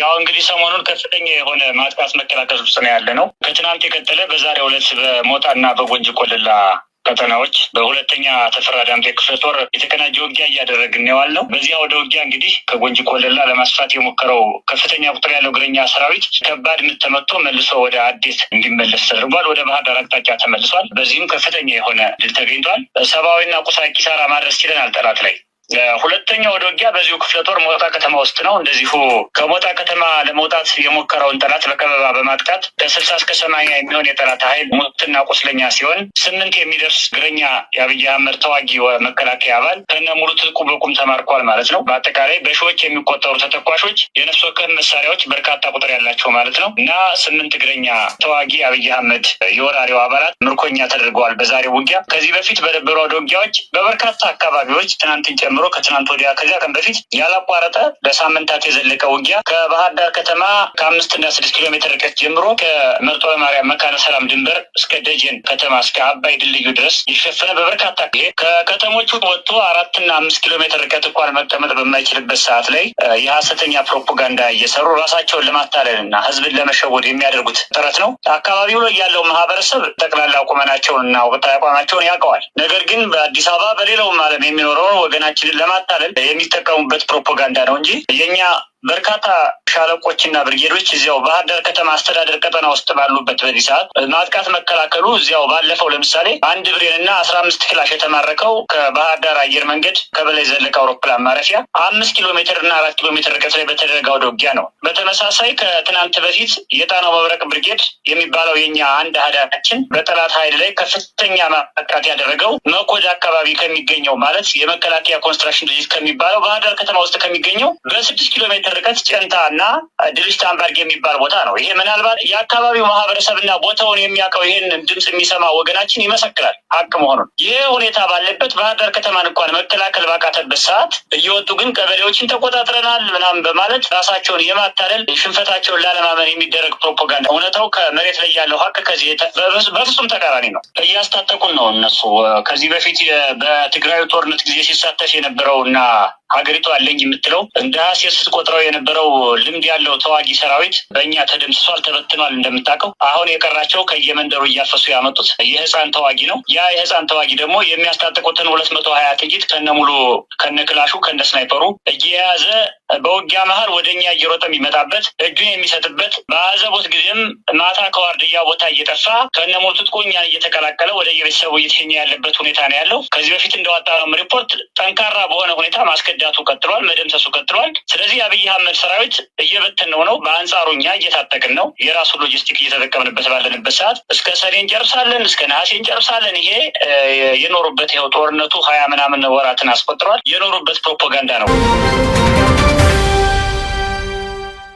ያው እንግዲህ ሰሞኑን ከፍተኛ የሆነ ማጥቃት መከላከል ውስጥ ነው ያለ ነው። ከትናንት የቀጠለ በዛሬው ዕለት በሞጣና በጎንጅ ቆልላ ቀጠናዎች በሁለተኛ ተፈራ ዳምጤ ክፍለ ጦር የተቀናጀ ውጊያ እያደረግን ያለው። በዚህ ውጊያ እንግዲህ ከጎንጂ ቆለላ ለማስፋት የሞከረው ከፍተኛ ቁጥር ያለው እግረኛ ሰራዊት ከባድ ምት ተመቶ መልሶ ወደ አዴት እንዲመለስ ተደርጓል። ወደ ባህር ዳር አቅጣጫ ተመልሷል። በዚህም ከፍተኛ የሆነ ድል ተገኝቷል። ሰብአዊና ቁሳዊ ኪሳራ ማድረስ ችለናል ጠላት ላይ ሁለተኛው ወደ ውጊያ በዚሁ ክፍለ ጦር ሞጣ ከተማ ውስጥ ነው። እንደዚሁ ከሞጣ ከተማ ለመውጣት የሞከረውን ጠላት በከበባ በማጥቃት ከስልሳ እስከ ሰማኒያ የሚሆን የጠላት ኃይል ሙትና ቁስለኛ ሲሆን ስምንት የሚደርስ እግረኛ የአብይ አህመድ ተዋጊ መከላከያ አባል ከነ ሙሉ ትጥቁ በቁም ተማርኳል ማለት ነው። በአጠቃላይ በሺዎች የሚቆጠሩ ተተኳሾች፣ የነፍስ ወከፍ መሳሪያዎች በርካታ ቁጥር ያላቸው ማለት ነው እና ስምንት እግረኛ ተዋጊ አብይ አህመድ የወራሪው አባላት ምርኮኛ ተደርገዋል በዛሬው ውጊያ። ከዚህ በፊት በነበሩ ወደ ውጊያዎች በበርካታ አካባቢዎች ትናንትን ጨምሮ ጀምሮ ከትናንት ወዲያ ከዚያ ቀን በፊት ያላቋረጠ በሳምንታት የዘለቀ ውጊያ ከባህር ዳር ከተማ ከአምስትና ስድስት ኪሎ ሜትር ርቀት ጀምሮ ከመርጦ ማርያም መካነ ሰላም ድንበር እስከ ደጀን ከተማ እስከ አባይ ድልድዩ ድረስ የሸፈነ በበርካታ ጊዜ ከከተሞቹ ወጥቶ አራትና አምስት ኪሎ ሜትር ርቀት እንኳን መቀመጥ በማይችልበት ሰዓት ላይ የሀሰተኛ ፕሮፓጋንዳ እየሰሩ ራሳቸውን ለማታለል እና ህዝብን ለመሸወድ የሚያደርጉት ጥረት ነው። አካባቢው ላይ ያለው ማህበረሰብ ጠቅላላ ቁመናቸውን እና ወቅታዊ አቋማቸውን ያውቀዋል። ነገር ግን በአዲስ አበባ በሌላውም ዓለም የሚኖረውን ወገናችን ለማታለል የሚጠቀሙበት ፕሮፓጋንዳ ነው እንጂ የኛ በርካታ ሻለቆች እና ብርጌዶች እዚያው ባህር ዳር ከተማ አስተዳደር ቀጠና ውስጥ ባሉበት በዚህ ሰዓት ማጥቃት መከላከሉ እዚያው ባለፈው ለምሳሌ አንድ ብሬን እና አስራ አምስት ክላሽ የተማረከው ከባህር ዳር አየር መንገድ ከበላይ ዘለቀ አውሮፕላን ማረፊያ አምስት ኪሎ ሜትር እና አራት ኪሎ ሜትር ርቀት ላይ በተደረገ አውደ ውጊያ ነው። በተመሳሳይ ከትናንት በፊት የጣናው መብረቅ ብርጌድ የሚባለው የኛ አንድ አህዳችን በጠላት ኃይል ላይ ከፍተኛ ማጥቃት ያደረገው መኮድ አካባቢ ከሚገኘው ማለት የመከላከያ ኮንስትራክሽን ድርጅት ከሚባለው ባህር ዳር ከተማ ውስጥ ከሚገኘው በስድስት ኪሎ ሜትር ኪሎሜትር ርቀት ጭንታ እና አንባርግ የሚባል ቦታ ነው። ይሄ ምናልባት የአካባቢው ማህበረሰብና ቦታውን የሚያውቀው ይህን ድምፅ የሚሰማ ወገናችን ይመሰክራል ሀቅ መሆኑን። ይህ ሁኔታ ባለበት ባህር ዳር ከተማን እንኳን መከላከል ባቃተበት ሰዓት እየወጡ ግን ቀበሌዎችን ተቆጣጥረናል ምናምን በማለት ራሳቸውን የማታለል ሽንፈታቸውን ላለማመን የሚደረግ ፕሮፓጋንዳ እውነታው ከመሬት ላይ ያለው ሀቅ ከዚህ በፍጹም ተቃራኒ ነው። እያስታጠቁን ነው እነሱ ከዚህ በፊት በትግራዩ ጦርነት ጊዜ ሲሳተፍ የነበረው እና ሀገሪቱ አለኝ የምትለው እንደ ሀሴት ስትቆጥረው ሲኖረው የነበረው ልምድ ያለው ተዋጊ ሰራዊት በእኛ ተደምስሷል፣ ተበትኗል። እንደምታውቀው አሁን የቀራቸው ከየመንደሩ እያፈሱ ያመጡት የህፃን ተዋጊ ነው። ያ የህፃን ተዋጊ ደግሞ የሚያስታጥቁትን ሁለት መቶ ሀያ ጥይት ከነ ሙሉ ከነ ክላሹ ከነ ስናይፐሩ እየያዘ በውጊያ መሀል ወደ እኛ እየሮጠ የሚመጣበት እጁን የሚሰጥበት በአዘቦት ጊዜም ማታ ከዋርድያ ቦታ እየጠፋ ከነሞቱት ሞቱ እየተቀላቀለ ወደ የቤተሰቡ እየተሸኘ ያለበት ሁኔታ ነው ያለው። ከዚህ በፊት እንደወጣነው ሪፖርት ጠንካራ በሆነ ሁኔታ ማስከዳቱ ቀጥሏል፣ መደምሰሱ ቀጥሏል። ስለዚህ አብይ አህመድ ሰራዊት እየበተነው ነው ነው። በአንጻሩ እኛ እየታጠቅን ነው። የራሱ ሎጂስቲክ እየተጠቀምንበት ባለንበት ሰዓት እስከ ሰኔ እንጨርሳለን፣ እስከ ነሐሴ እንጨርሳለን። ይሄ የኖሩበት ይኸው ጦርነቱ ሀያ ምናምን ወራትን አስቆጥሯል። የኖሩበት ፕሮፓጋንዳ ነው። Thank you.